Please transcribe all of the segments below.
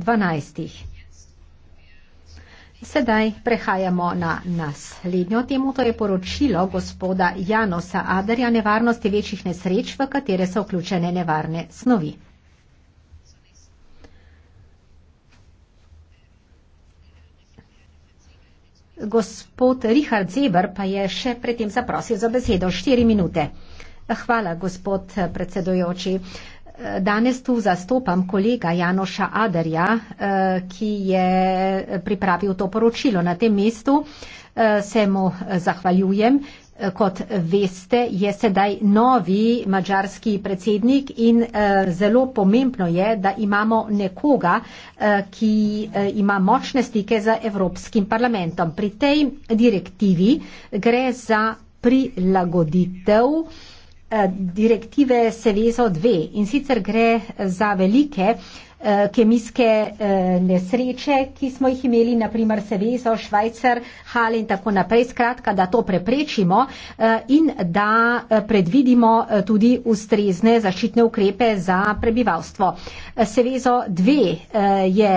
12. Sedaj prehajamo na naslednjo temo, to je poročilo gospoda Janosa Adarja nevarnosti večjih nesreč, v katere so vključene nevarne snovi. Gospod Richard Zeber pa je še predtem zaprosil za besedo. Štiri minute. Hvala, gospod predsedojoči. Uh, Danes tu zastopam kolega Janoša Adarja, eh, ki je pripravil to poročilo. Na tem mestu eh, se mu eh, zahvaljujem. Kot veste, je sedaj novi mačarski predsednik in zelo pomembno je, da imamo nekoga, ki ima močne stike z Evropskim parlamentom. Pri tej direktivi gre za prilagoditev Eh, direktive Sevezo 2 in sicer gre za velike eh, kemijske eh, nesreče, ki smo jih imeli, naprimer Sevezo, Švajcar, Hale in tako naprej, skratka, da to preprečimo in da predvidimo tudi ustrezne zaščitne ukrepe za prebivalstvo. Sevezo 2 je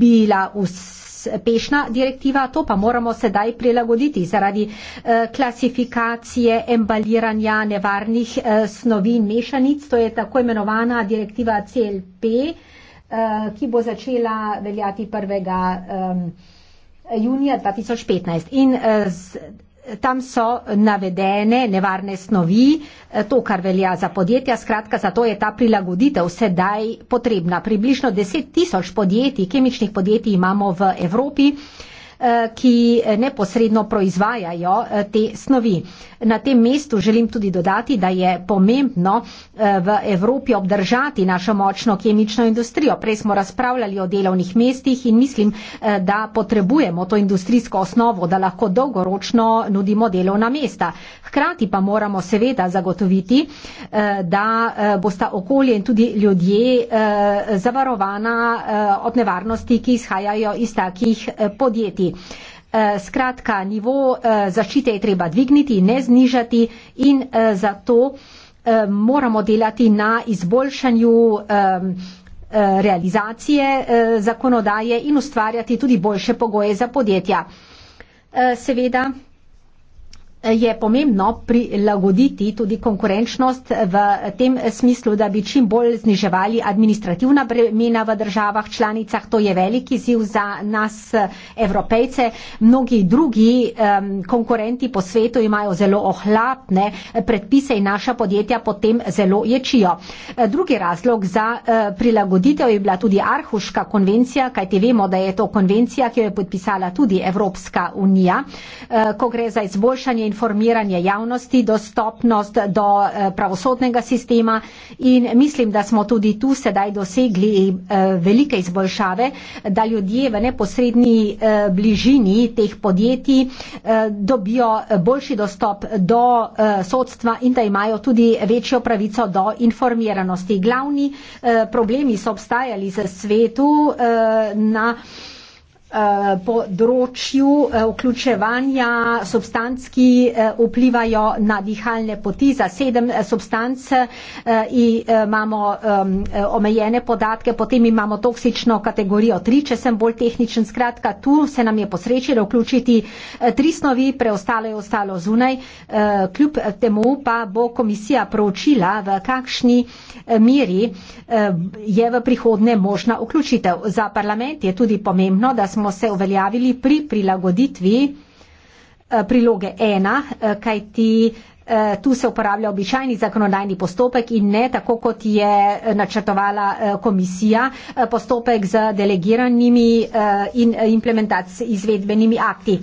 bila vse pešna direktiva, to pa moramo sedaj prilagoditi zaradi eh, klasifikacije embaliranja nevarnih eh, snovin mešanic. To je tako imenovana direktiva CLP, eh, ki bo začela veljati 1. junija 2015. In z, tam so navedene nevarne snovi, eh, to, kar velja za podjetja. Skratka, zato je ta prilagoditev sedaj potrebna. Približno 10 tisoč podjetij, kemičnih podjetij imamo v Evropi. Eh, ki neposredno proizvajajo eh, te snovi. Na tem mestu želim tudi dodati, da je pomembno eh, v Evropi obdržati našo močno kemično industrijo. Prej smo razpravljali o delovnih mestih in mislim, da potrebujemo to industrijsko osnovo, da lahko dolgoročno nudimo delovna mesta. Hkrati pa moramo seveda zagotoviti, da bosta okolje in tudi ljudje zavarovana od nevarnosti, ki izhajajo iz takih podjetij. Eh, skratka, nivo eh, zaščite je treba dvigniti, ne znižati in eh, zato moramo delati na izboljšanju ehm, realizacije zakonodaje in ustvarjati tudi boljše pogoje za podjetja. Seveda, je pomembno prilagoditi tudi konkurenčnost v tem smislu, da bi čim bolj zniževali administrativna bremena v državah članicah. To je veliki ziv za nas, evropejce. Mnogi drugi um, konkurenti po svetu imajo zelo ohlapne predpise in naša podjetja potem zelo ječijo. E, drugi razlog za uh, prilagoditev je bila tudi Arhuška konvencija, kajti vemo, da je to konvencija, ki jo je podpisala tudi Evropska unija, uh, ko gre za izboljšanje informiranje javnosti, dostopnost do eh, pravosodnega sistema in mislim, da smo tudi tu sedaj dosegli eh, velike izboljšave, da ljudje v neposrednji eh, bližini teh podjetij dobijo boljši dostop do sodstva in da imajo tudi večjo pravico do informiranosti. Glavni problemi so obstajali za svetu na Eh, področju eh, vključevanja substanc, ki eh, vplivajo na dihalne poti. Za sedem substanc imamo omejene podatke, potem imamo toksično kategorijo tri, če sem bolj tehničen. Skratka, tu se nam je posrečilo vključiti tri snovi, preostalo je ostalo zunaj. Kljub temu pa bo komisija proučila, v kakšni meri je v prihodne možna vključitev. Za parlament je tudi pomembno, da smo smo se uveljavili pri prilagoditvi eh, priloge ena, eh, kajti eh, tu se uporablja običajni zakonodajni postopek in ne tako, kot je načrtovala komisija, postopek z delegiranimi in implementacijskimi izvedbenimi akti.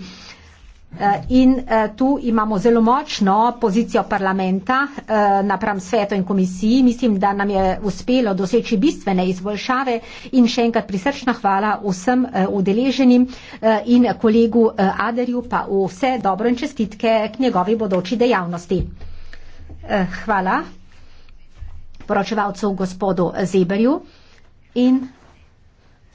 Eh, in eh, tu imamo zelo močno pozicijo parlamenta eh, napram svetu in komisiji. Mislim, da nam je uspelo doseči bistvene izboljšave in še enkrat prisrčna hvala vsem udeleženim in kolegu Aderju pa vse dobro in čestitke k njegovi bodoči dejavnosti. Hvala poročevalcu gospodu Zeberju in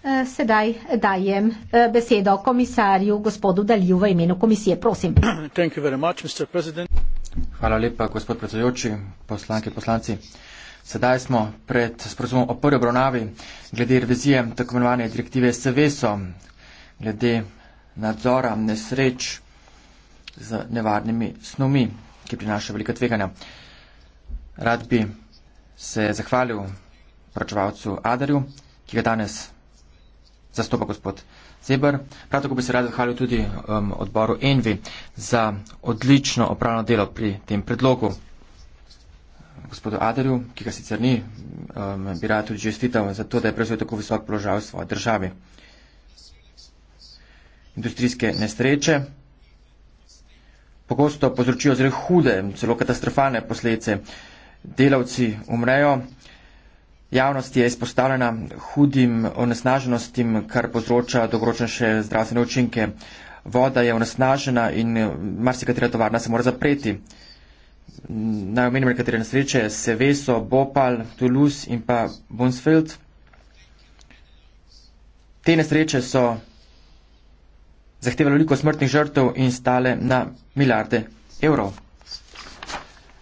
Eh, sedaj dajem eh, besedo komisarju gospodu Dalju v imenu komisije. Prosim. Much, Hvala lepa, gospod predsedujoči, poslanke, poslanci. Sedaj smo pred sporozumom o prvi obravnavi glede revizije tako imenovane direktive SVSO glede nadzora nesreč z nevarnimi snumi, ki prinaša velika tveganja. Rad bi se zahvalil pračevalcu Adarju, ki ga danes zastopa gospod Zebr. Prav tako bi se rad zahvalil tudi um, odboru Envi za odlično opravljeno delo pri tem predlogu. Gospodu Aderju, ki ga sicer ni, um, bi rad tudi čestital za to, da je prevzel tako visok položaj v svoji državi. Industrijske nesreče pogosto povzročijo zelo hude, celo katastrofalne posledice. Delavci umrejo. Javnost je izpostavljena hudim onesnaženostim, kar povzroča dogoročnejše zdravstvene učinke. Voda je onesnažena in marsikatera tovarna se mora zapreti. Naj omenim nekatere nesreče, Seveso, Bopal, Toulouse in pa Bunsfeld. Te nesreče so zahtevali veliko smrtnih žrtev in stale na milijarde evrov.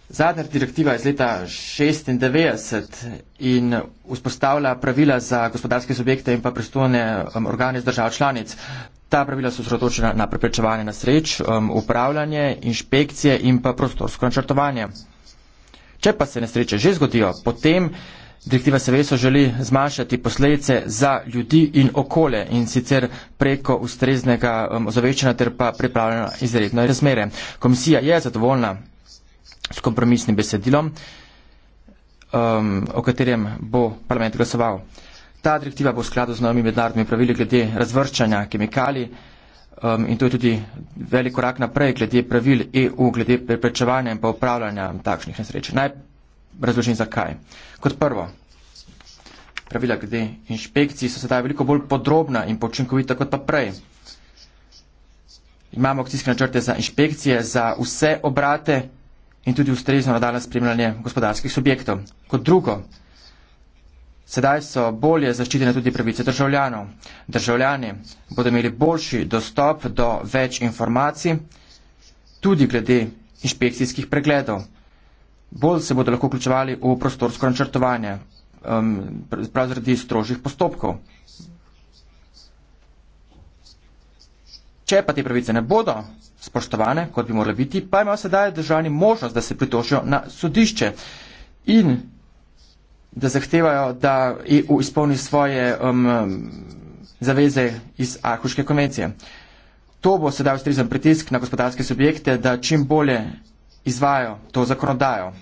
Zadnja direktiva iz leta 96 in vzpostavlja pravila za gospodarske subjekte in pa pristojne um, organe z držav članic. Ta pravila so sredočena na preprečevanje nasreč, um, upravljanje, inšpekcije in pa prostorsko načrtovanje. Če pa se nesreče že zgodijo, potem direktiva seveso želi zmanjšati posledice za ljudi in okole in sicer preko ustreznega um, ozaveščanja ter pa pripravljena izredne razmere. Komisija je zadovoljna s kompromisnim besedilom, um, o katerem bo parlament glasoval. Ta direktiva bo v skladu z novimi mednarodnimi pravili glede razvrščanja kemikalij um, in to je tudi velik korak naprej glede pravil EU, glede preprečevanja in pa upravljanja takšnih nesreč. Naj razložim zakaj. Kot prvo, pravila glede inšpekcij so sedaj veliko bolj podrobna in počinkovita kot pa prej. Imamo akcijske načrte za inšpekcije, za vse obrate in tudi ustrezno nadaljno spremljanje gospodarskih subjektov. Kot drugo, sedaj so bolje zaščitene tudi pravice državljanov. Državljani bodo imeli boljši dostop do več informacij, tudi glede inšpekcijskih pregledov. Bolj se bodo lahko vključevali v prostorsko načrtovanje, um, prav zaradi strožjih postopkov. Če pa te pravice ne bodo spoštovane, kot bi morali biti, pa imajo sedaj državni možnost, da se pritožijo na sodišče in da zahtevajo, da EU izpolni svoje um, zaveze iz Arhuške konvencije. To bo sedaj ustrezen pritisk na gospodarske subjekte, da čim bolje izvajo to zakonodajo.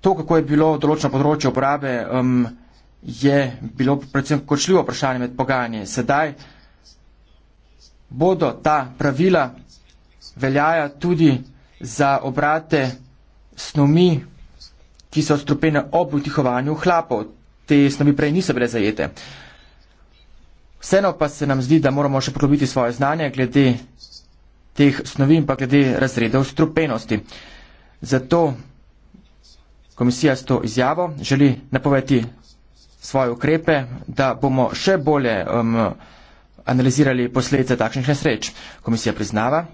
To, kako je bilo določeno področje uporabe, um, je bilo predvsem kočljivo vprašanje med pogajanji. Sedaj bodo ta pravila veljaja tudi za obrate snovi, ki so strupene ob utihovanju hlapov. Te snovi prej niso bile zajete. Vseeno pa se nam zdi, da moramo še poglobiti svoje znanje glede teh snovi in pa glede razredov strupenosti. Zato komisija s to izjavo želi napovedati svoje ukrepe, da bomo še bolje um, analizirali posledice takšnih nesreč. Komisija priznava,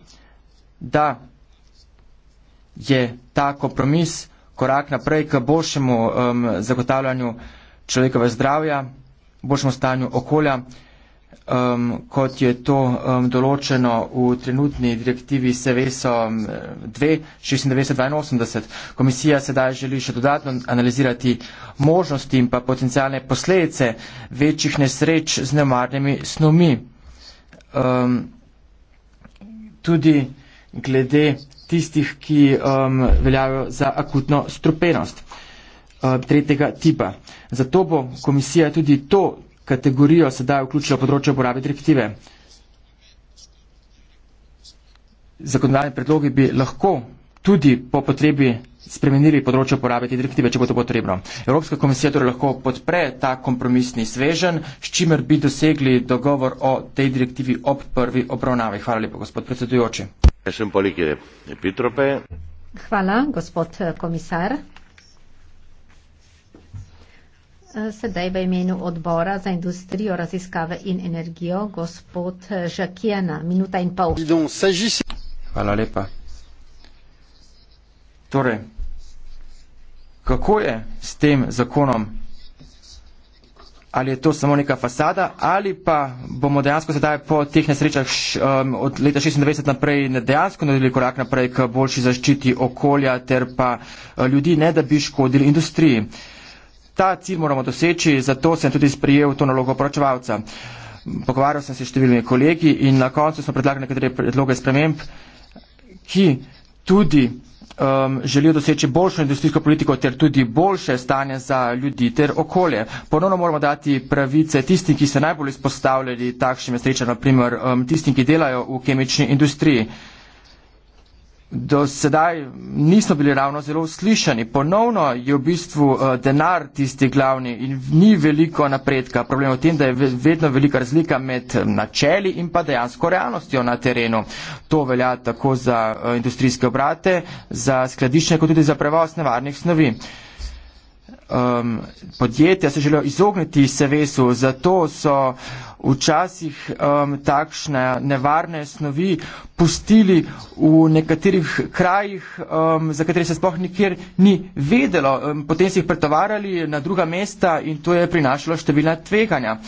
da je ta kompromis korak naprej k boljšemu um, zagotavljanju človekove zdravja, boljšemu stanju okolja um, kot je to um, določeno v trenutni direktivi SEVESO 2.96.82. Um, komisija sedaj želi še dodatno analizirati možnosti in pa potencijalne posledice večjih nesreč z nemarnimi snumi. Um, tudi glede tistih, ki um, veljajo za akutno strupenost uh, tretjega tipa. Zato bo komisija tudi to kategorijo sedaj vključila področje uporabe direktive. Zakonodajne predloge bi lahko tudi po potrebi spremenili področje uporabe te direktive, če bo to potrebno. Evropska komisija torej lahko podpre ta kompromisni svežen, s čimer bi dosegli dogovor o tej direktivi ob prvi obravnavi. Hvala lepa, gospod predsedujoči. Eh, Hvala, gospod eh, komisar. Eh, sedaj v imenu odbora za industrijo, raziskave in energijo, gospod eh, Žakijana, minuta in pol. Hvala lepa. Torej, kako je s tem zakonom? Ali je to samo neka fasada, ali pa bomo dejansko sedaj po teh nesrečah š, um, od leta 96 naprej dejansko naredili korak naprej k boljši zaščiti okolja ter pa eh, ljudi, ne da bi škodili industriji. Uh, Ta cilj moramo doseči, zato sem tudi sprijel to nalogo poročevalca. Pogovarjal sem se s številnimi kolegi in na koncu smo predlagali nekatere predloge sprememb, ki tudi um, želijo doseči boljšo industrijsko politiko ter tudi boljše stanje za ljudi ter okolje. Ponovno moramo dati pravice tistim, ki se najbolj izpostavljali takšnim srečam, naprimer um, tistim, ki delajo v kemični industriji do sedaj nismo bili ravno zelo slišani. Ponovno je v bistvu eh, denar tisti glavni in ni veliko napredka. Problem je v tem, da je vedno velika razlika med eh, načeli in pa dejansko realnostjo na terenu. To velja tako za eh, industrijske obrate, za skladišče, kot tudi za prevoz nevarnih snovi um, podjetja se želijo izogniti SVS-u, zato so včasih um, takšne nevarne snovi pustili v nekaterih krajih, um, za katere se spoh nikjer ni vedelo. Um, potem si jih pretovarjali na druga mesta in to je prinašalo številna tveganja.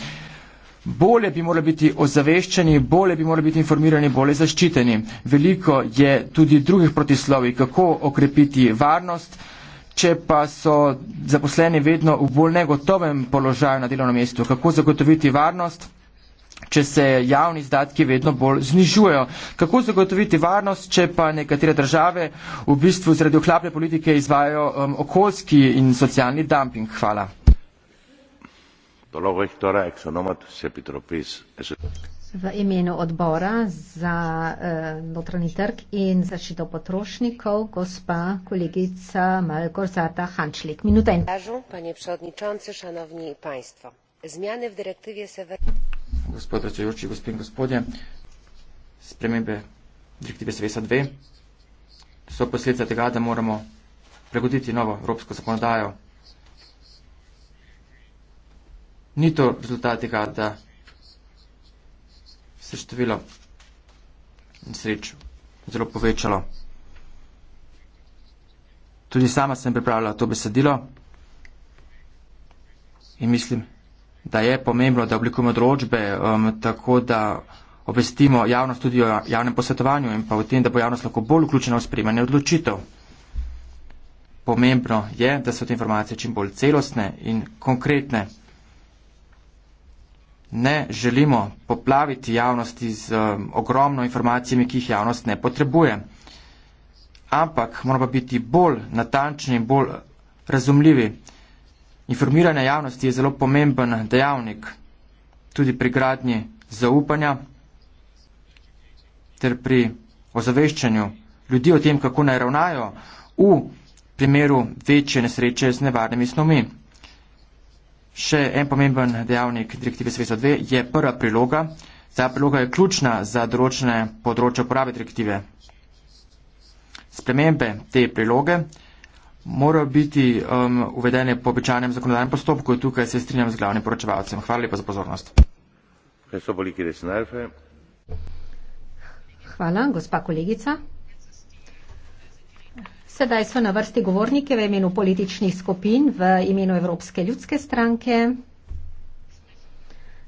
Bolje bi morali biti ozaveščeni, bolje bi morali biti informirani, bolje zaščiteni. Veliko je tudi drugih protislovi, kako okrepiti varnost če pa so zaposleni vedno v bolj negotovem položaju na delovnem mestu, kako zagotoviti varnost, če se javni izdatki vedno bolj znižujejo, kako zagotoviti varnost, če pa nekatere države v bistvu zaradi ohlapne politike izvajo um, okoljski in socialni dumping. Hvala. V imenu odbora za eh, notranji trg in zaščito potrošnikov, gospa kolegica Malgorzata Hančlik. Minuta in pol. Panie predsedujoči, šanovni państwo. Zmiane v direktivi se v. Gospod predsedujoči, gospe in gospodje, spremembe direktive SVSA 2 so posledica tega, da moramo pregoditi novo evropsko zakonodajo. Ni to rezultat tega, da se število nesreč zelo povečalo. Tudi sama sem pripravljala to besedilo in mislim, da je pomembno, da oblikujemo odročbe um, tako, da obvestimo javnost tudi o javnem posvetovanju in pa v tem, da bo javnost lahko bolj vključena v sprejemanje odločitev. Pomembno je, da so te informacije čim bolj celostne in konkretne ne želimo poplaviti javnosti z um, ogromno informacijami, ki jih javnost ne potrebuje. Ampak moramo pa biti bolj natančni in bolj razumljivi. Informiranje javnosti je zelo pomemben dejavnik tudi pri gradnji zaupanja ter pri ozaveščanju ljudi o tem, kako naj ravnajo v primeru večje nesreče z nevarnimi snovmi. Še en pomemben dejavnik direktive Sveto 2 je prva priloga. Ta priloga je ključna za določene področje uporabe direktive. Spremembe te priloge morajo biti um, uvedene po običajnem zakonodajnem postopku. Tukaj se strinjam z glavnim poročevalcem. Hvala lepa za pozornost. Hvala, gospa kolegica. Sedaj so na vrsti govorniki v imenu političnih skupin v imenu Evropske ljudske stranke.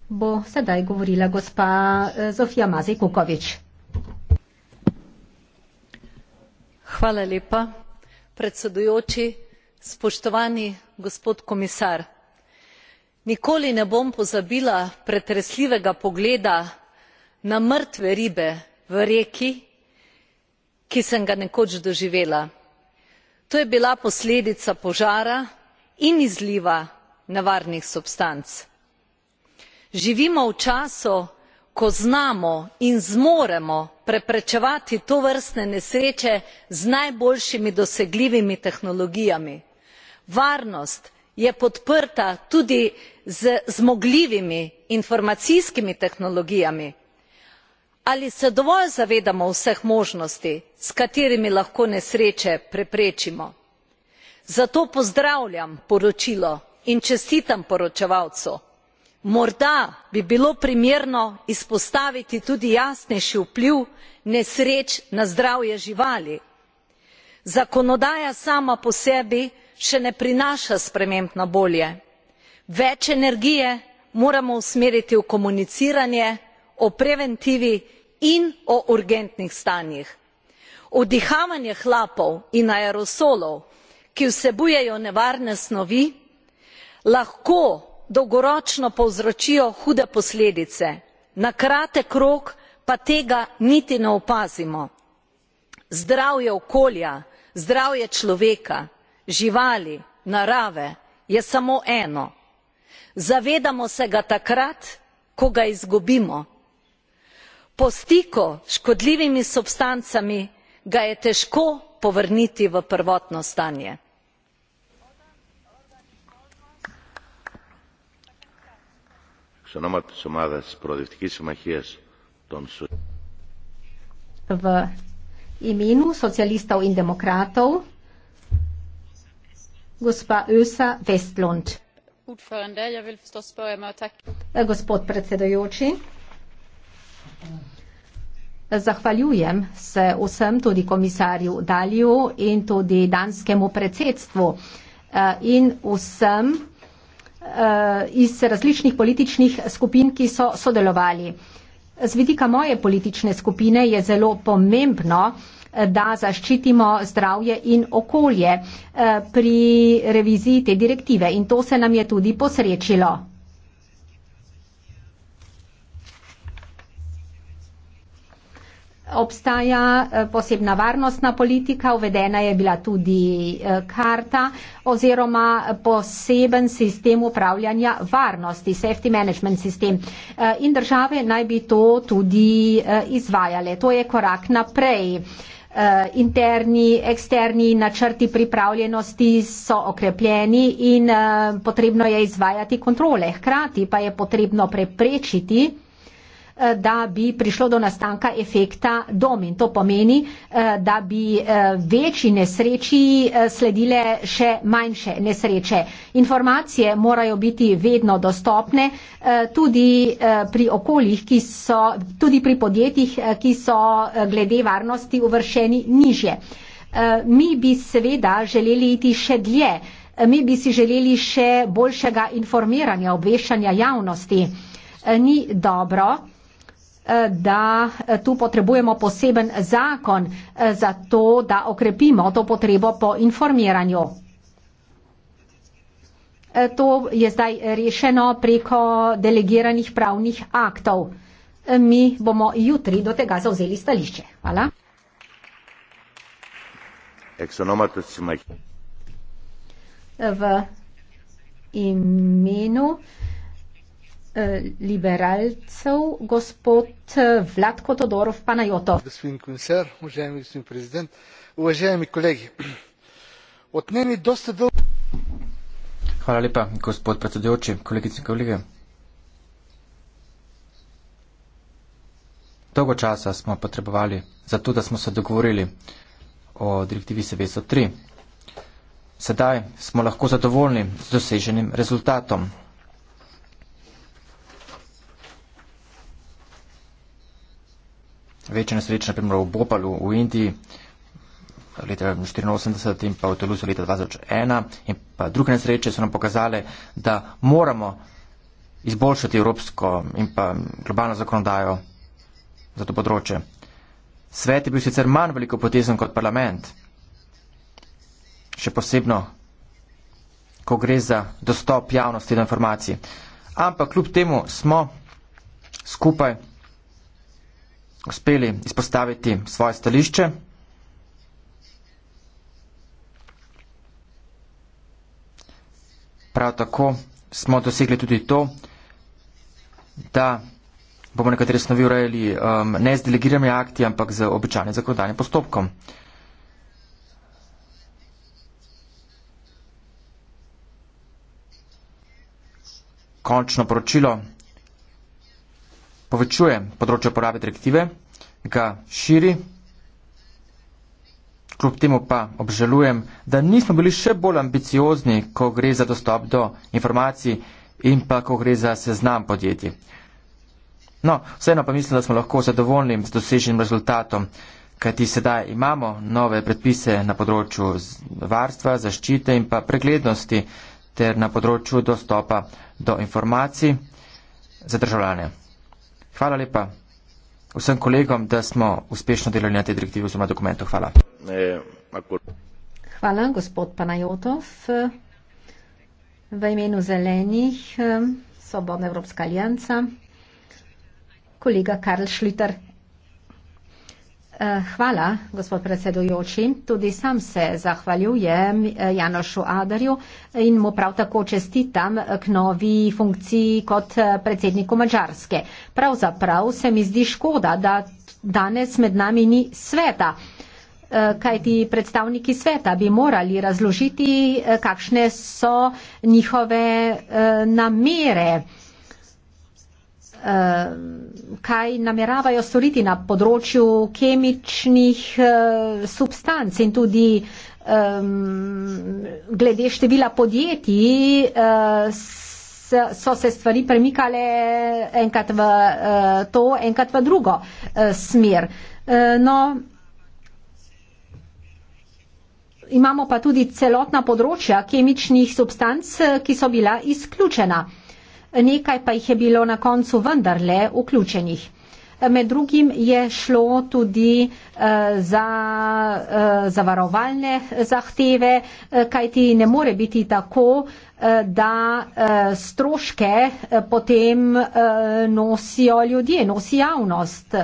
Bo sedaj govorila gospa eh, Zofija Mazej Kukovič. Hvala lepa, predsedujoči, spoštovani gospod komisar. Nikoli ne bom pozabila pretresljivega pogleda na mrtve ribe v reki, ki sem ga nekoč doživela to je bila posledica požara in izliva nevarnih substanc. živimo v času ko znamo in zmoremo preprečevati tovrstne nesreče z najboljšimi dosegljivimi tehnologijami. varnost je podprta tudi z zmogljivimi informacijskimi tehnologijami ali se dovolj zavedamo vseh možnosti s katerimi lahko nesreče preprečimo zato pozdravljam poročilo in čestitam poročevalcu morda bi bilo primerno izpostaviti tudi jasnejši vpliv nesreč na zdravje živali zakonodaja sama po sebi še ne prinaša sprememb na bolje več energije moramo usmeriti v komuniciranje o preventivi in o urgentnih stanjih. vdihavanje hlapov in aerosolov ki vsebujejo nevarne snovi lahko dolgoročno povzročijo hude posledice na kratek rok pa tega niti ne opazimo. zdravje okolja zdravje človeka živali narave je samo eno. zavedamo se ga takrat ko ga izgubimo po stiku s škodljivimi substancami ga je težko povrniti v prvotno stanje. V imenu socialistov in demokratov gospa Ösa Westlund. Gospod predsedujoči, Zahvaljujem se vsem, tudi komisarju Dalju in tudi danskemu predsedstvu eh, in vsem eh, iz različnih političnih skupin, ki so sodelovali. Z vidika moje politične skupine je zelo pomembno, eh, da zaščitimo zdravje in okolje pri reviziji te direktive in to se nam je tudi posrečilo. obstaja eh, posebna varnostna politika, uvedena je bila tudi eh, karta oziroma poseben sistem upravljanja varnosti, safety management sistem. Eh, in države naj bi to tudi izvajale. To je korak naprej. Interni, eksterni načrti pripravljenosti so okrepljeni in potrebno je izvajati kontrole. Hkrati pa je potrebno preprečiti, da bi prišlo do nastanka efekta domin. To pomeni, eh, da bi eh, večji nesreči eh, sledile še manjše nesreče. Informacije morajo biti vedno dostopne tudi pri okoljih, ki so, tudi pri podjetjih, ki so glede varnosti uvršeni nižje. Mi bi seveda želeli iti še dlje. Mi bi si želeli še boljšega informiranja, obveščanja javnosti. Ni dobro, Eh, da eh, tu potrebujemo poseben zakon eh, za to, da okrepimo to potrebo po informiranju. To je zdaj rešeno preko delegiranih pravnih aktov. Mi bomo jutri do tega zauzeli stališče. Hvala. V imenu liberalcev, gospod eh, Vladko Todorov, pa na Joto. Gospod komisar, uvaženi gospod prezident, uvaženi kolegi. Od njeni dosta dolgo. Hvala lepa, gospod predsedujoči, kolegice in kolege. Dolgo časa smo potrebovali za to, da smo se dogovorili o direktivi SVSO 3. Sedaj smo lahko zadovoljni z doseženim rezultatom. večje nesreče, naprimer v Bopalu v Indiji leta 1984 in pa v Toluzu leta 2001 in pa druge nesreče so nam pokazale, da moramo izboljšati evropsko in pa globalno zakonodajo za to področje. Svet je bil sicer manj veliko potezen kot parlament, še posebno, ko gre za dostop javnosti do informacij. Ampak kljub temu smo skupaj uspeli izpostaviti svoje stališče. Prav tako smo dosegli tudi to, da bomo nekatere snovi urejali um, ne z delegiranimi akti, ampak z običajnim zakonodajnim postopkom. Končno poročilo povečuje področje porabe direktive, ga širi, kljub temu pa obžalujem, da nismo bili še bolj ambiciozni, ko gre za dostop do informacij in pa ko gre za seznam podjetij. No, vseeno pa mislim, da smo lahko zadovoljni z doseženim rezultatom, kajti sedaj imamo nove predpise na področju varstva, zaščite in pa preglednosti ter na področju dostopa do informacij za državljane. Hvala lepa vsem kolegom, da smo uspešno delali na tej direktivi oziroma dokumentu. Hvala. Hvala, gospod Panajotov. V imenu zelenih, eh, Svobodna Evropska alijanca, kolega Karl Šliter. Eh, hvala, gospod predsedujoči. Tudi sam se zahvaljujem eh, Janošu Adarju in mu prav tako čestitam eh, k novi funkciji kot predsedniku Mačarske. Pravzaprav se mi zdi škoda, da danes med nami ni sveta, kaj ti predstavniki sveta bi morali razložiti, kakšne so njihove namere. Eh, kaj nameravajo storiti na področju kemičnih eh, substanc in tudi glede števila podjetij eh, so se stvari premikale enkrat v to, enkrat v drugo smer. No, imamo pa tudi celotna področja kemičnih substanc, ki so bila izključena nekaj pa jih je bilo na koncu vendarle vključenih. Med drugim je šlo tudi eh, za eh, zavarovalne zahteve, eh, kajti ne more biti tako, da stroške potem nosijo ljudje, nosi javnost,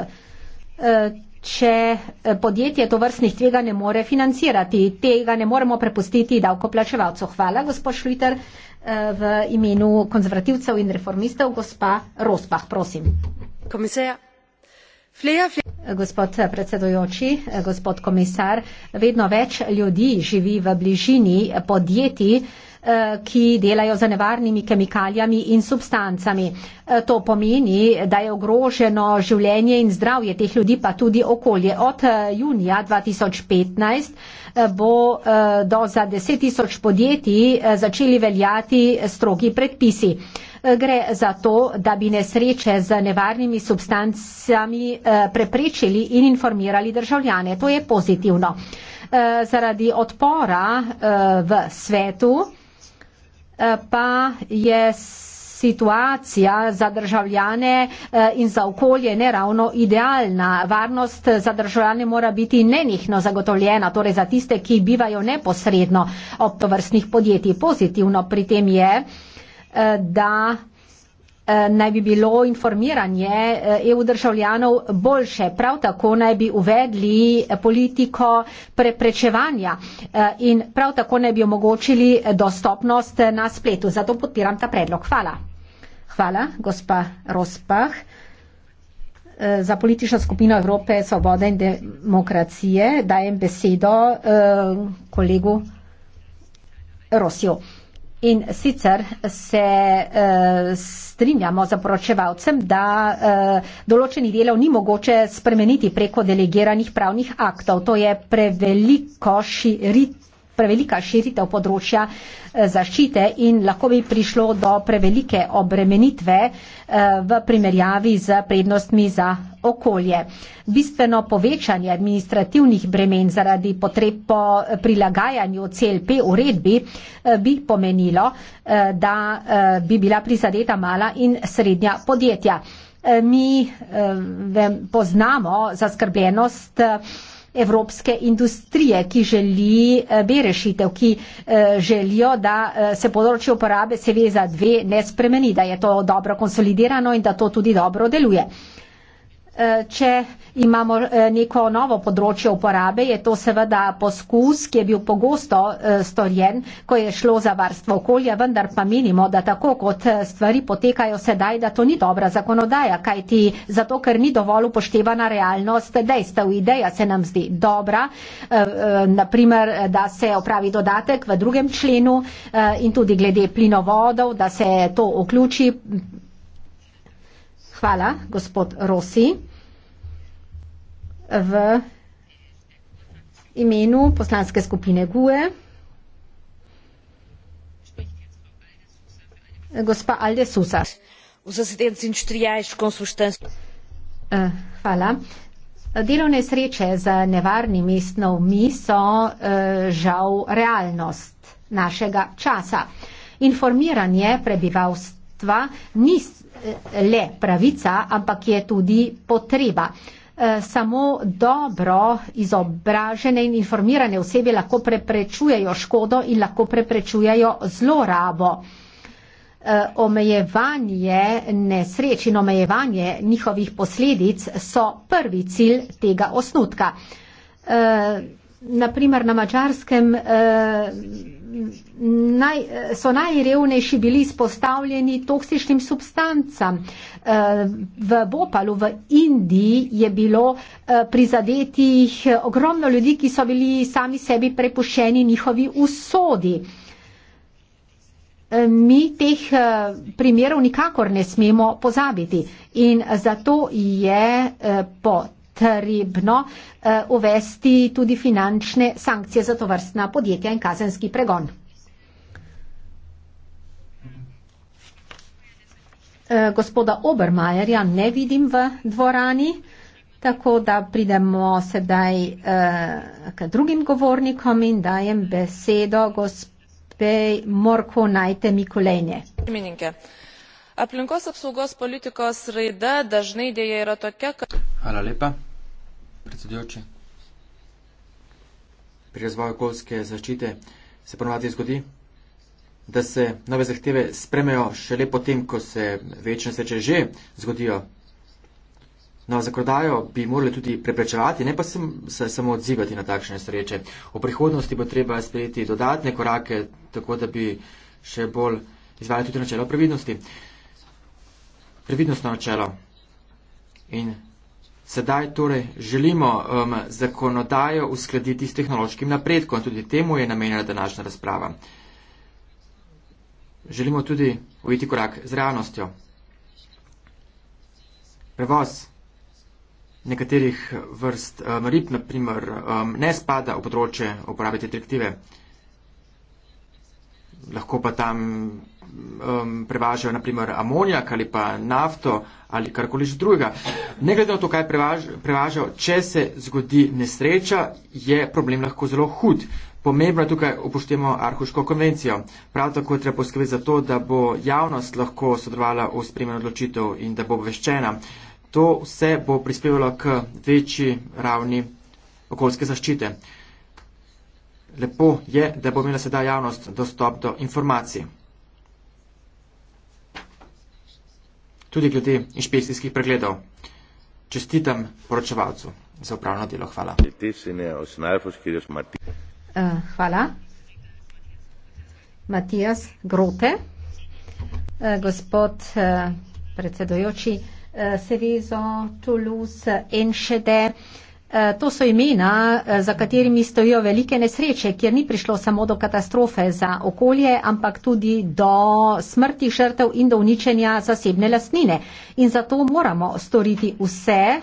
če podjetje to vrstnih tvega ne more financirati. Tega ne moremo prepustiti davkoplačevalcu. Hvala, gospod Šliter v imenu konzervativcev in reformistov, gospa Rosbah, prosim. Komisija. Flea, flea. Gospod predsedujoči, gospod komisar, vedno več ljudi živi v bližini podjetij, Eh, ki delajo za nevarnimi kemikalijami in substancami. Eh, to pomeni, da je ogroženo življenje in zdravje teh ljudi, pa tudi okolje. Od eh, junija 2015 bo do za 10 tisoč podjetij začeli veljati strogi predpisi. Gre za to, da bi nesreče z nevarnimi substancami preprečili in informirali državljane. To je pozitivno. Zaradi odpora v svetu, pa je situacija za državljane eh, in za okolje ne ravno idealna. Varnost za državljane mora biti nenihno zagotovljena, torej za tiste, ki bivajo neposredno ob vrstnih podjetij. Pozitivno pri tem je, eh, da Eh, naj bi bilo informiranje eh, EU državljanov boljše. Prav tako naj bi uvedli politiko preprečevanja eh, in prav tako naj bi omogočili dostopnost na spletu. Zato podpiram ta predlog. Hvala. Hvala, gospa Rospah. Za politično skupino Evrope svobode in demokracije dajem besedo kolegu Rosiju. In sicer se uh, strinjamo za poročevalcem, da uh, določenih delov ni mogoče spremeniti preko delegiranih pravnih aktov. To je preveliko širit prevelika širitev področja eh, zaščite in lahko bi prišlo do prevelike obremenitve eh, v primerjavi z prednostmi za okolje. Bistveno povečanje administrativnih bremen zaradi potreb po prilagajanju CLP uredbi eh, bi pomenilo, da bi bila prizadeta mala in srednja podjetja. Mi vem, poznamo zaskrbljenost evropske industrije, ki želi eh, be rešitev, ki eh, želijo, da eh, se področje uporabe seveda dve ne spremeni, da je to dobro konsolidirano in da to tudi dobro deluje. Eh, če imamo eh, neko novo področje uporabe, je to seveda poskus, ki je bil pogosto eh, storjen, ko je šlo za varstvo okolja, vendar pa menimo, da tako kot stvari potekajo sedaj, da to ni dobra zakonodaja, kajti zato, ker ni dovolj upoštevana realnost dejstev. Ideja se nam zdi dobra, naprimer, da se opravi dodatek v drugem členu in tudi glede plinovodov, da se to vključi Hvala, gospod Rosi. V imenu poslanske skupine GUE. Gospa Alde Susa. Eh, hvala. Delovne sreče z nevarnimi snovmi so eh, žal realnost našega časa. Informiranje prebivalstva Ljudstva ni eh, le pravica, ampak je tudi potreba. Eh, samo dobro izobražene in informirane osebe lahko preprečujejo škodo in lahko preprečujejo zlorabo. Eh, omejevanje nesreč in omejevanje njihovih posledic so prvi cilj tega osnutka na primer na mačarskem, eh, naj, so najrevnejši bili izpostavljeni toksičnim substancam. Eh, v Bopalu v Indiji je bilo eh, prizadetih ogromno ljudi, ki so bili sami sebi prepušeni njihovi usodi. Mi teh primerov nikakor ne smemo pozabiti in zato je po potrebno eh, uvesti tudi finančne sankcije za to vrstna podjetja in kazenski pregon. Eh, gospoda Obermajerja ne vidim v dvorani, tako da pridemo sedaj eh, k drugim govornikom in dajem besedo gospe Morko Najte Mikulejne. Aplinkos apsaugos politikos raida dažnai dėja yra tokia, kad. Hvala lepa, predsedujoči. Pri razvoju okoljske zaščite se ponovadi zgodi, da se nove zahteve spremejo šele potem, ko se večne sreče že zgodijo. Na zakonodajo bi morali tudi preprečevati, ne pa se, se samo odzivati na takšne sreče. V prihodnosti bo treba sprejeti dodatne korake, tako da bi še bolj izvajali tudi načelo previdnosti. Previdnostno načelo. In Sedaj torej želimo um, zakonodajo uskladiti s tehnološkim napredkom. Tudi temu je namenjena današnja razprava. Želimo tudi ujeti korak z realnostjo. Prevoz nekaterih vrst um, rib, naprimer, um, ne spada v področje uporabe te direktive. Lahko pa tam um, prevažajo naprimer amonijak ali pa nafto ali karkoli že drugega. Ne glede na to, kaj prevaž, prevažajo, če se zgodi nesreča, je problem lahko zelo hud. Pomembno je tukaj upoštevamo Arhuško konvencijo. Prav tako je treba poskrbeti za to, da bo javnost lahko sodelovala v spremenu odločitev in da bo obveščena. To vse bo prispevalo k večji ravni okoljske zaščite. Lepo je, da bo imela sedaj javnost dostop do informacij. tudi glede inšpekcijskih pregledov. Čestitam poročevalcu za upravno delo. Hvala. Eh, hvala. Matijas Grote, eh, gospod eh, predsedujoči Serizo, Toulouse, Enšede. Eh, to so imena, eh, za katerimi stojijo velike nesreče, kjer ni prišlo samo do katastrofe za okolje, ampak tudi do smrti žrtev in do uničenja zasebne lastnine. In zato moramo storiti vse,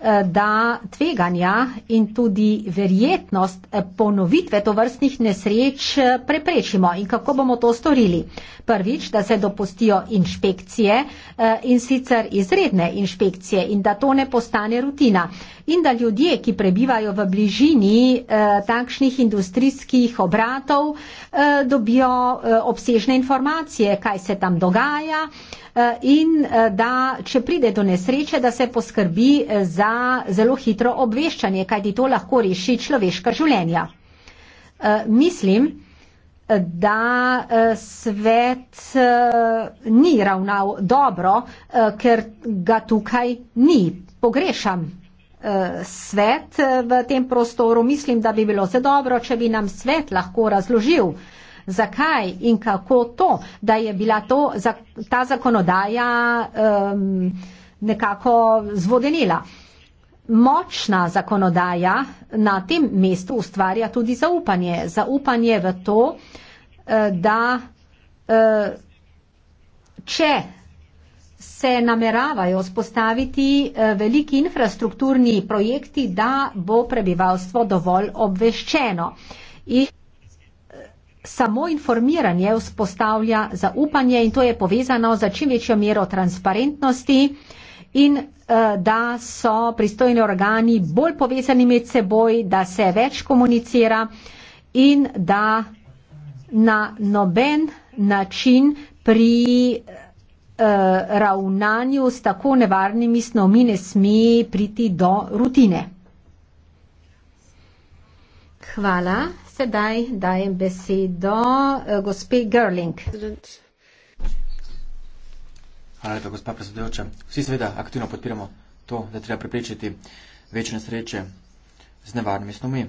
eh, da tveganja in tudi verjetnost ponovitve tovrstnih nesreč preprečimo. In kako bomo to storili? Prvič, da se dopustijo inšpekcije in sicer izredne inšpekcije in da to ne postane rutina in da ljudje, ki prebivajo v bližini eh, takšnih industrijskih obratov, eh, dobijo eh, obsežne informacije, kaj se tam dogaja eh, in eh, da, če pride do nesreče, da se poskrbi eh, za zelo hitro obveščanje, kajti to lahko reši človeška življenja. Eh, mislim, da eh, svet eh, ni ravnal dobro, eh, ker ga tukaj ni. Pogrešam svet eh, v tem prostoru. Mislim, da bi bilo se dobro, če bi nam svet lahko razložil, zakaj in kako to, da je bila to, ta zakonodaja um, nekako zvodenila. Močna zakonodaja na tem mestu ustvarja tudi zaupanje. Zaupanje v to, eh, da eh, če se nameravajo spostaviti eh, veliki infrastrukturni projekti, da bo prebivalstvo dovolj obveščeno. Ih eh, samo informiranje vzpostavlja zaupanje in to je povezano za čim večjo mero transparentnosti in eh, da so pristojni organi bolj povezani med seboj, da se več komunicira in da na noben način pri Eh, ravnanju s tako nevarnimi snovmi ne sme priti do rutine. Hvala. Sedaj dajem besedo eh, gospe Gerling. Hvala lepa, gospa predsedujoča. Vsi seveda aktivno podpiramo to, da treba preprečiti večne sreče z nevarnimi snovmi.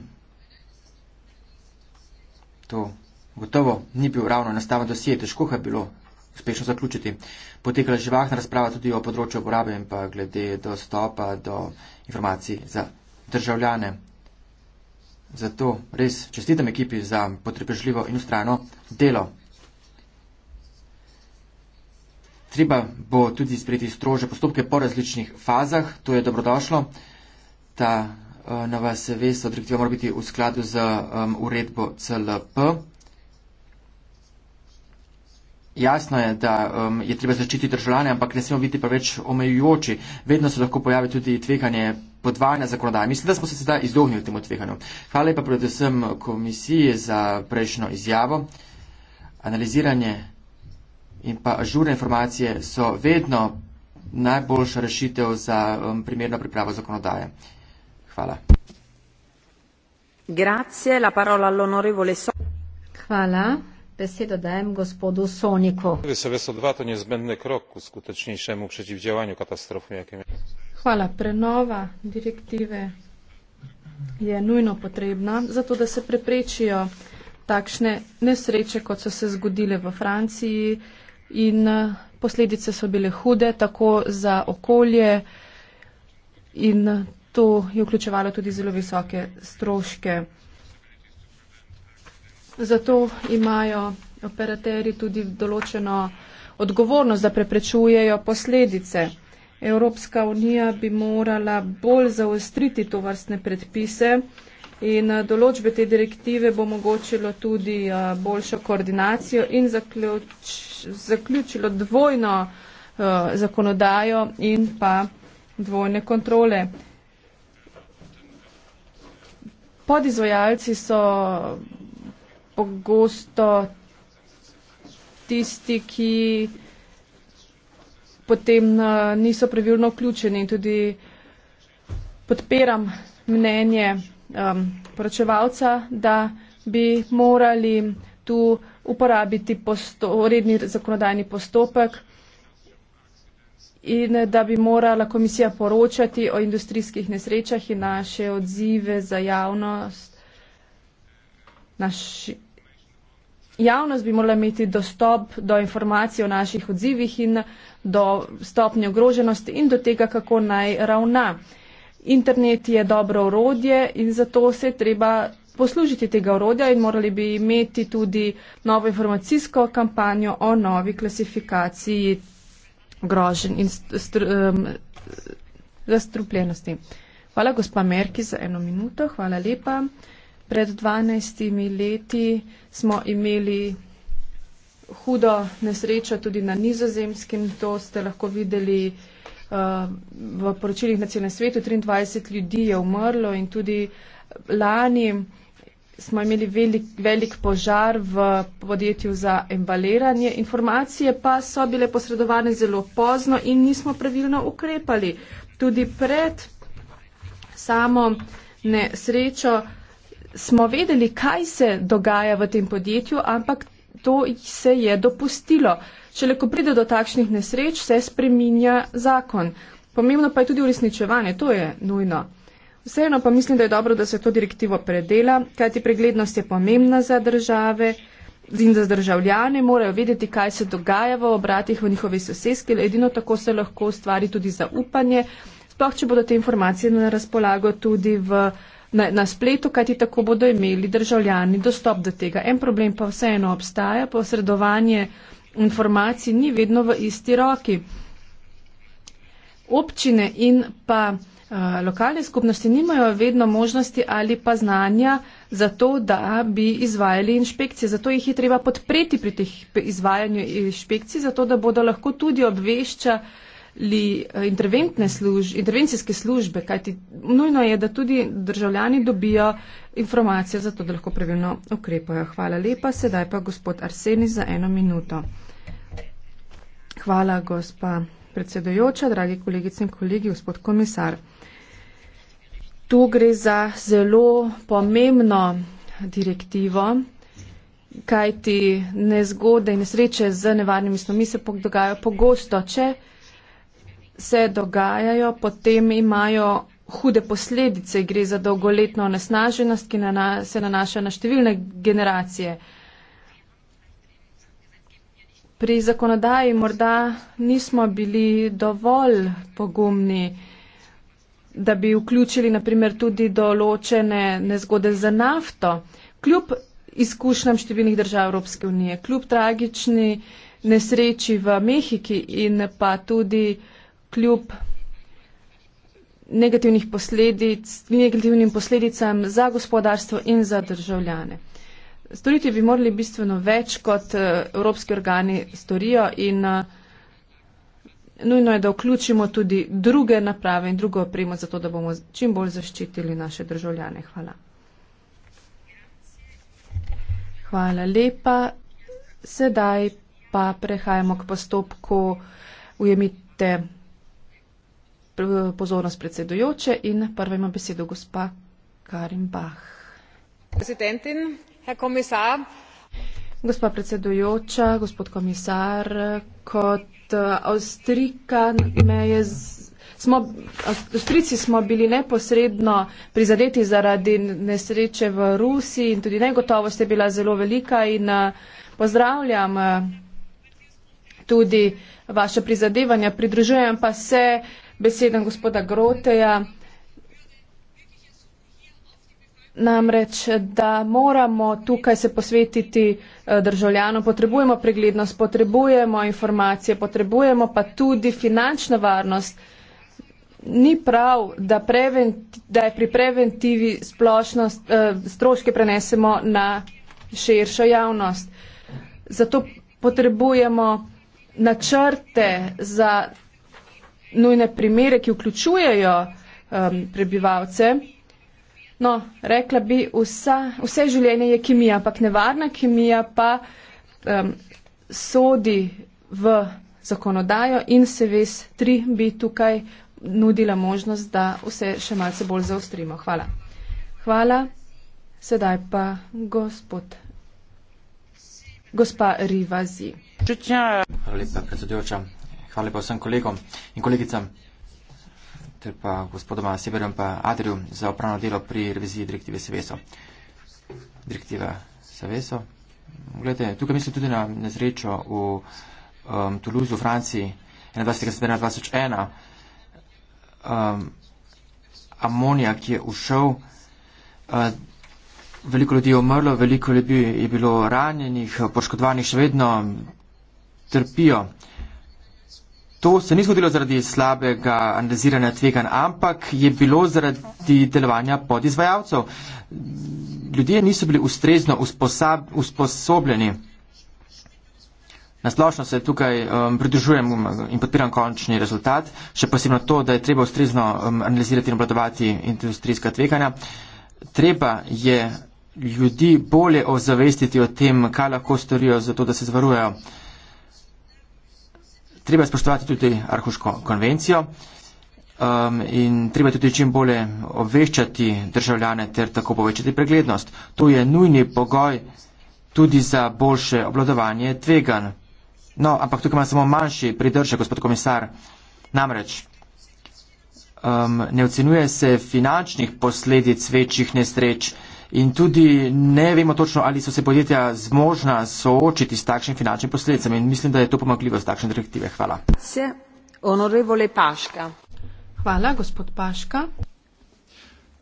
To gotovo ni bil ravno enostaven dosje, težko ga je bilo uspešno zaključiti. Uh, potekala živahna razprava tudi o področju uporabe in pa glede dostopa do informacij za državljane. Zato res čestitam ekipi za potrpežljivo in ustrajno delo. Treba bo tudi sprejeti strože postopke po različnih fazah, to je dobrodošlo. Ta uh, nova seveso direktiva mora biti v skladu z um, uredbo CLP. Jasno je, da um, je treba zaščititi državljane, ampak ne smemo biti preveč omejujoči. Vedno se lahko pojavi tudi tveganje podvajanja zakonodaje. Mislim, da smo se sedaj izognili temu tveganju. Hvala lepa predvsem komisiji za prejšnjo izjavo. Analiziranje in pa žurne informacije so vedno najboljša rešitev za um, primerno pripravo zakonodaje. Hvala. Grazie, la parola all'onorevole So. Hvala. Besedo dajem gospodu Soniku. Dva, to niezbędny krok ku skuteczniejszemu przeciwdziałaniu katastrofom, jakie Hvala. Prenova direktive je nujno potrebna, zato da se preprečijo takšne nesreče, kot so se zgodile v Franciji in posledice so bile hude, tako za okolje in to je vključevalo tudi zelo visoke stroške zato imajo operaterji tudi določeno odgovornost, da preprečujejo posledice. Evropska unija bi morala bolj zaostriti to vrstne predpise in eh, določbe te direktive bo omogočilo tudi eh, boljšo koordinacijo in zaključ, zaključilo dvojno uh, zakonodajo in pa dvojne kontrole. Podizvajalci so pogosto tisti, ki potem eh, niso pravilno vključeni. Tudi podpiram mnenje um, poročevalca, da bi morali tu uporabiti uredni posto zakonodajni postopek in da bi morala komisija poročati o industrijskih nesrečah in naše odzive za javnost, naši, javnost bi morala imeti dostop do informacij o naših odzivih in do stopnje ogroženosti in do tega, kako naj ravna. Internet je dobro orodje in zato se je treba poslužiti tega orodja in morali bi imeti tudi novo informacijsko kampanjo o novi klasifikaciji grožen in zastrupljenosti. Hvala gospa Merki za eno minuto, hvala lepa pred 12 leti smo imeli hudo nesrečo tudi na nizozemskem. To ste lahko videli uh, v poročilih na celem svetu. 23 ljudi je umrlo in tudi lani smo imeli velik, velik požar v podjetju za embaliranje. Informacije pa so bile posredovane zelo pozno in nismo pravilno ukrepali. Tudi pred samo nesrečo smo vedeli, kaj se dogaja v tem podjetju, ampak to se je dopustilo. Šele ko pride do takšnih nesreč, se spreminja zakon. Pomembno pa je tudi uresničevanje, to je nujno. Vseeno pa mislim, da je dobro, da se to direktivo predela, kajti preglednost je pomembna za države in za državljane, morajo vedeti, kaj se dogaja v obratih v njihovi soseski, edino tako se lahko ustvari tudi zaupanje, sploh če bodo te informacije na razpolago tudi v na, na spletu, kajti tako bodo imeli državljani dostop do tega. En problem pa vseeno obstaja, posredovanje informacij ni vedno v isti roki. Občine in pa uh, lokalne skupnosti nimajo vedno možnosti ali pa znanja za to, da bi izvajali inšpekcije. Zato jih je treba podpreti pri teh izvajanju inšpekcij, zato da bodo lahko tudi obvešča uh, li eh, interventne služ, intervencijske službe, kajti nujno je, da tudi državljani dobijo informacije za to, da lahko pravilno ukrepajo. Hvala lepa, sedaj pa gospod Arseni za eno minuto. Hvala, gospa predsedojoča, dragi kolegice in kolegi, gospod komisar. Tu gre za zelo pomembno direktivo, kajti nezgode in nesreče z nevarnimi snovmi se dogajajo pogosto, če se dogajajo, potem imajo hude posledice. Gre za dolgoletno onesnaženost, ki na, se nanaša na številne generacije. Pri zakonodaji morda nismo bili dovolj pogumni, da bi vključili naprimer tudi določene nezgode za nafto. Kljub izkušnjam številnih držav Evropske unije, kljub tragični nesreči v Mehiki in pa tudi uh, kljub negativnih posledic, negativnim posledicam za gospodarstvo in za državljane. Storiti bi morali bistveno več, kot eh, evropski organi storijo in eh, nujno je, da vključimo tudi druge naprave in drugo opremo, zato da bomo čim bolj zaščitili naše državljane. Hvala. Hvala lepa. Sedaj pa prehajamo k postopku ujemite pozornost predsedujoče in prva ima besedo gospa Karim Bah. Gospa predsedujoča, gospod komisar, kot eh, Avstrika me je z... Smo, Avstrici smo bili neposredno prizadeti zaradi nesreče v Rusiji in tudi negotovost je bila zelo velika in eh, pozdravljam eh, tudi vaše prizadevanja. Pridružujem pa se besedam gospoda Groteja, namreč, da moramo tukaj se posvetiti eh, državljanom, potrebujemo preglednost, potrebujemo informacije, potrebujemo pa tudi finančno varnost. Ni prav, da, da je pri preventivi splošnost, eh, stroške prenesemo na širšo javnost. Zato potrebujemo načrte za nujne primere, ki vključujejo um, prebivalce. No, rekla bi, vsa, vse življenje je kemija, ampak nevarna kemija pa um, sodi v zakonodajo in se ves tri bi tukaj nudila možnost, da vse še malce bolj zaostrimo. Hvala. Hvala. Sedaj pa gospod. Gospa Rivazi. Hvala lepa, predsedujoča. Hvala lepa vsem kolegom in kolegicam ter pa gospodoma Severom pa Adriju za opravno delo pri reviziji direktive Seveso. Direktiva Seveso. Gledajte, tukaj mislim tudi na nezrečo v um, Toulouse v Franciji 21. septembra 2001. Um, amonija, ki je ušel, uh, veliko ljudi je umrlo, veliko ljudi je bilo ranjenih, poškodovanih, še vedno trpijo. Uh, To se ni zgodilo zaradi slabega analiziranja tvegan, ampak je bilo zaradi delovanja podizvajalcev. Ljudje niso bili ustrezno usposobljeni. Nasplošno se tukaj um, pridružujem um, in podpiram končni rezultat, še posebno to, da je treba ustrezno um, analizirati in obladovati industrijska tveganja. Treba je ljudi bolje ozavestiti o tem, kaj lahko storijo, zato da se zvarujejo. Uh, treba spoštovati tudi Arhuško konvencijo um, in treba tudi čim bolje obveščati državljane ter tako povečati preglednost. To je nujni pogoj tudi za boljše obladovanje tvegan. No, ampak tukaj imam samo manjši pridržek, gospod komisar. Namreč, um, ne ocenjuje se finančnih posledic večjih nesreč in tudi ne vemo točno, ali so se podjetja zmožna soočiti s takšnim finančnim posledicami in mislim, da je to pomakljivost takšne direktive. Hvala. Hvala, gospod Paška.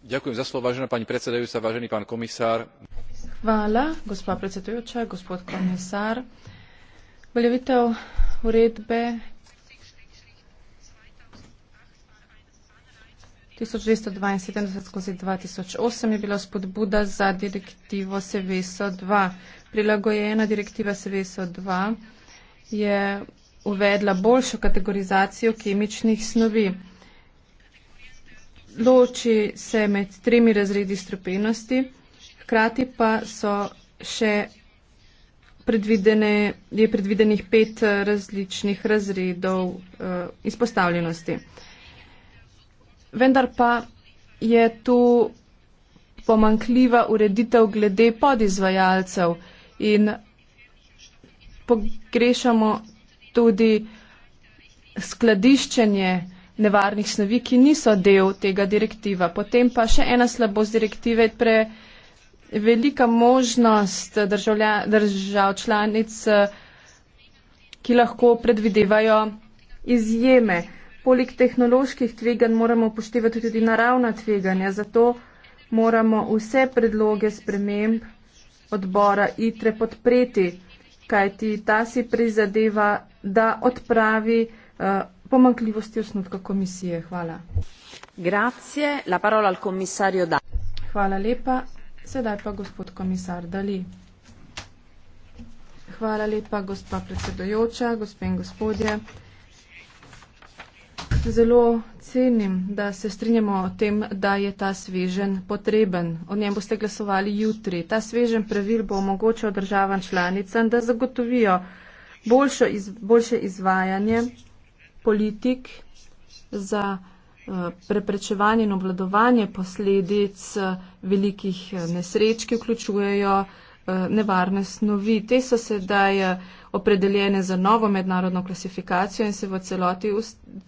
Ďakujem za slovo, vážená pani predsedajúca, vážený pán komisár. Hvala, gospa predsedujúča, gospod komisár. Veljavitev uredbe 1272/2008 je bila spodbuda za direktivo SEVESO 2. Prilagojena direktiva SEVESO 2 je uvedla boljšo kategorizacijo kemičnih snovi. Loči se med tremi razredi strupenosti, hkrati pa so še predvidene, je predvidenih pet različnih razredov uh, izpostavljenosti. Uh, vendar pa je tu pomankljiva ureditev glede podizvajalcev in pogrešamo tudi skladiščenje nevarnih snovi, ki niso del tega direktiva. Potem pa še ena slabost direktive je pre velika možnost državlja, držav članic, ki lahko predvidevajo izjeme. Poleg tehnoloških tveganj moramo upoštevati tudi naravna tveganja, zato moramo vse predloge sprememb odbora ITRE podpreti, kajti ta si prizadeva, da odpravi uh, eh, pomankljivosti osnutka komisije. Hvala. Grazie, la parola al commissario da. Hvala lepa. Sedaj pa gospod komisar Dali. Hvala lepa, gospa predsedojoča, gospe in gospodje zelo cenim, da se strinjamo o tem, da je ta svežen potreben. O njem boste glasovali jutri. Ta svežen pravil bo omogočal državam članicam, da zagotovijo boljšo, iz, boljše izvajanje politik za eh, preprečevanje in obladovanje posledic eh, velikih eh, nesreč, ki vključujejo nevarne snovi. Te so sedaj opredeljene za novo mednarodno klasifikacijo in se v celoti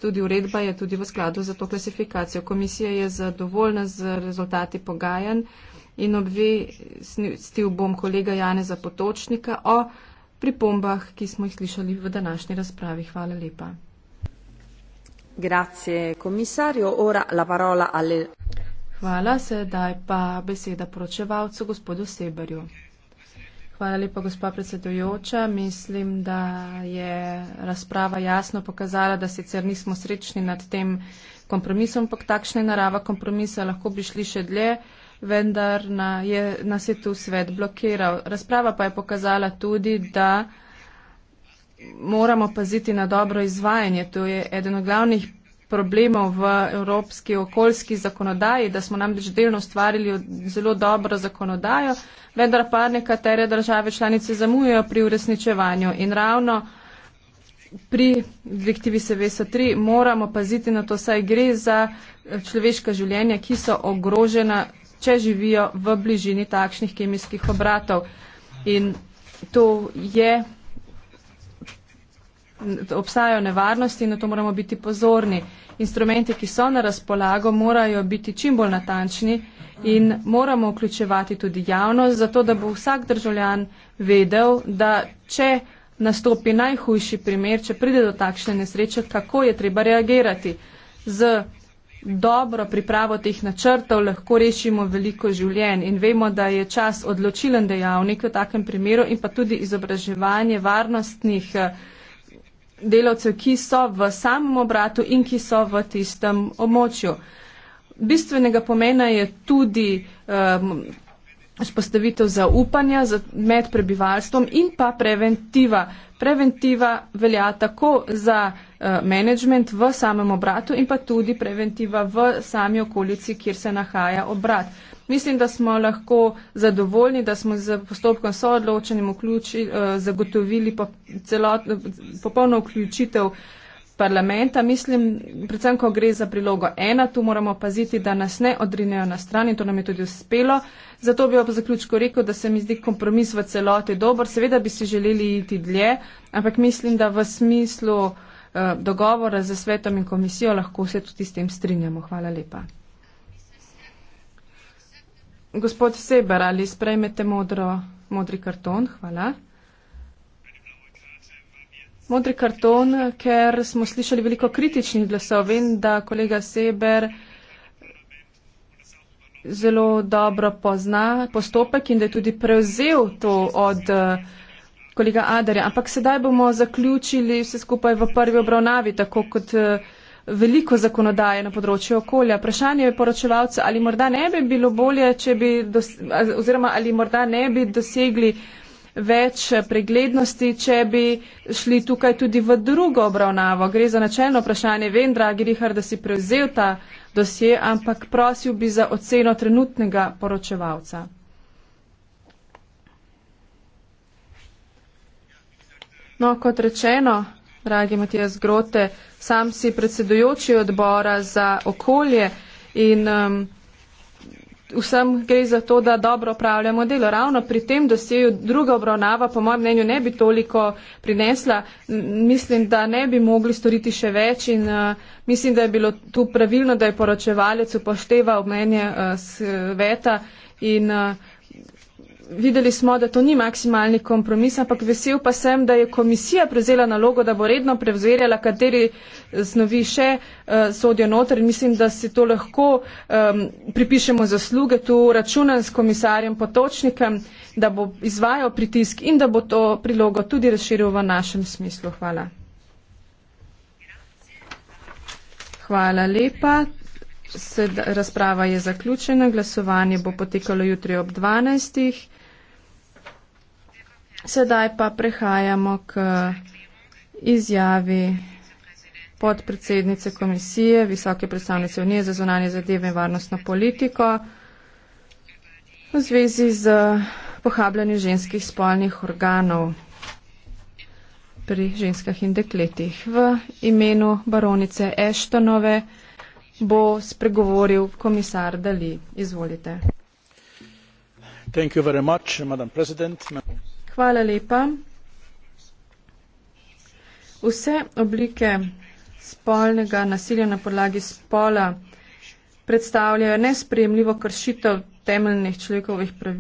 tudi uredba je tudi v skladu za to klasifikacijo. Komisija je zadovoljna z rezultati pogajanj in obvestil bom kolega Janeza Potočnika o pripombah, ki smo jih slišali v današnji razpravi. Hvala lepa. Grazie, komisarjo. Ora la parola alle. Hvala, sedaj pa beseda poročevalcu gospodu Seberju. Hvala lepa, gospa predsedujoča. Mislim, da je razprava jasno pokazala, da sicer nismo srečni nad tem kompromisom, ampak takšna je narava kompromisa, lahko bi šli še dlje, vendar na, je, nas je tu svet blokiral. Razprava pa je pokazala tudi, da moramo paziti na dobro izvajanje. To je eden od glavnih problemov v evropski okoljski zakonodaji, da smo namreč delno ustvarili zelo dobro zakonodajo, vendar pa nekatere države članice zamujajo pri uresničevanju in ravno pri direktivi SVSO3 moramo paziti na to, saj gre za človeška življenja, ki so ogrožena, če živijo v bližini takšnih kemijskih obratov. In to je obstajajo nevarnosti in na to moramo biti pozorni. Instrumenti, ki so na razpolago, morajo biti čim bolj natančni in moramo vključevati tudi javnost, zato da bo vsak državljan vedel, da če nastopi najhujši primer, če pride do takšne nesreče, kako je treba reagirati. Z dobro pripravo teh načrtov lahko rešimo veliko življenj in vemo, da je čas odločilen dejavnik v takem primeru in pa tudi izobraževanje varnostnih eh, delavcev, ki so v samem obratu in ki so v tistem območju. Bistvenega pomena je tudi um, spostavitev zaupanja med prebivalstvom in pa preventiva. Preventiva velja tako za uh, management v samem obratu in pa tudi preventiva v sami okolici, kjer se nahaja obrat. Uh, Mislim, da smo lahko zadovoljni, da smo z postopkom soodločenim vključi, uh, zagotovili celot, popolno vključitev parlamenta. Mislim, predvsem, ko gre za prilogo ena, tu moramo paziti, da nas ne odrinejo na stran in to nam je tudi uspelo. Zato bi ob zaključku rekel, da se mi zdi kompromis v celoti dober. Seveda bi si želeli iti dlje, ampak mislim, da v smislu uh, dogovora za svetom in komisijo lahko se tudi s tem strinjamo. Hvala lepa. Gospod Seber, ali sprejmete modro, modri karton? Hvala. Modri karton, ker smo slišali veliko kritičnih glasov. Vem, da kolega Seber zelo dobro pozna postopek in da je tudi prevzel to od eh, kolega Adarja. Ampak sedaj bomo zaključili vse skupaj v prvi obravnavi, tako kot. Eh, veliko zakonodaje na področju okolja. Vprašanje je poročevalce, ali morda ne bi bilo bolje, bi dos, oziroma ali morda ne bi dosegli več preglednosti, če bi šli tukaj tudi v drugo obravnavo. Gre za načelno vprašanje. Vem, dragi Rihar, da si prevzel ta dosje, ampak prosil bi za oceno trenutnega poročevalca. No, kot rečeno, dragi Matijas Grote, sam si predsedujoči odbora za okolje in um, vsem gre za to, da dobro upravljamo delo. Ravno pri tem, da se jo druga obravnava, po mojem mnenju, ne bi toliko prinesla, mislim, da ne bi mogli storiti še več in uh, mislim, da je bilo tu pravilno, da je poročevalec upošteval mnenje uh, sveta in uh, videli smo, da to ni maksimalni kompromis, ampak vesel pa sem, da je komisija prevzela nalogo, da bo redno prevzverjala, kateri snovi še uh, sodijo noter. Mislim, da si to lahko um, pripišemo zasluge tu, računam s komisarjem Potočnikom, da bo izvajal pritisk in da bo to prilogo tudi razširil v našem smislu. Hvala. Hvala lepa. Sed, razprava je zaključena, glasovanje bo potekalo jutri ob 12. Sedaj pa prehajamo k izjavi podpredsednice komisije, visoke predstavnice Unije za zunanje zadeve in varnostno politiko v zvezi z pohabljanjem ženskih spolnih organov pri ženskah in dekletih. V imenu baronice Eštonove bo spregovoril komisar Dali. Izvolite. Thank you very much, Madam President. Hvala lepa. Vse oblike spolnega nasilja na podlagi spola predstavljajo nespremljivo kršitev temeljnih človekovih pravic.